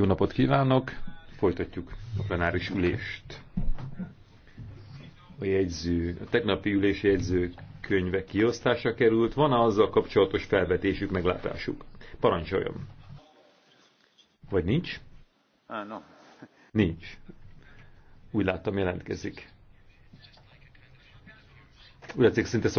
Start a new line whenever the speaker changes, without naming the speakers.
Jó napot
kívánok! Folytatjuk a plenáris ülést. A jegyző, a tegnapi ülés jegyző könyve kiosztása került. Van -e azzal kapcsolatos felvetésük, meglátásuk? Parancsoljon! Vagy nincs? Á, no. Nincs. Úgy láttam, jelentkezik.
Úgy látszik, szinte szok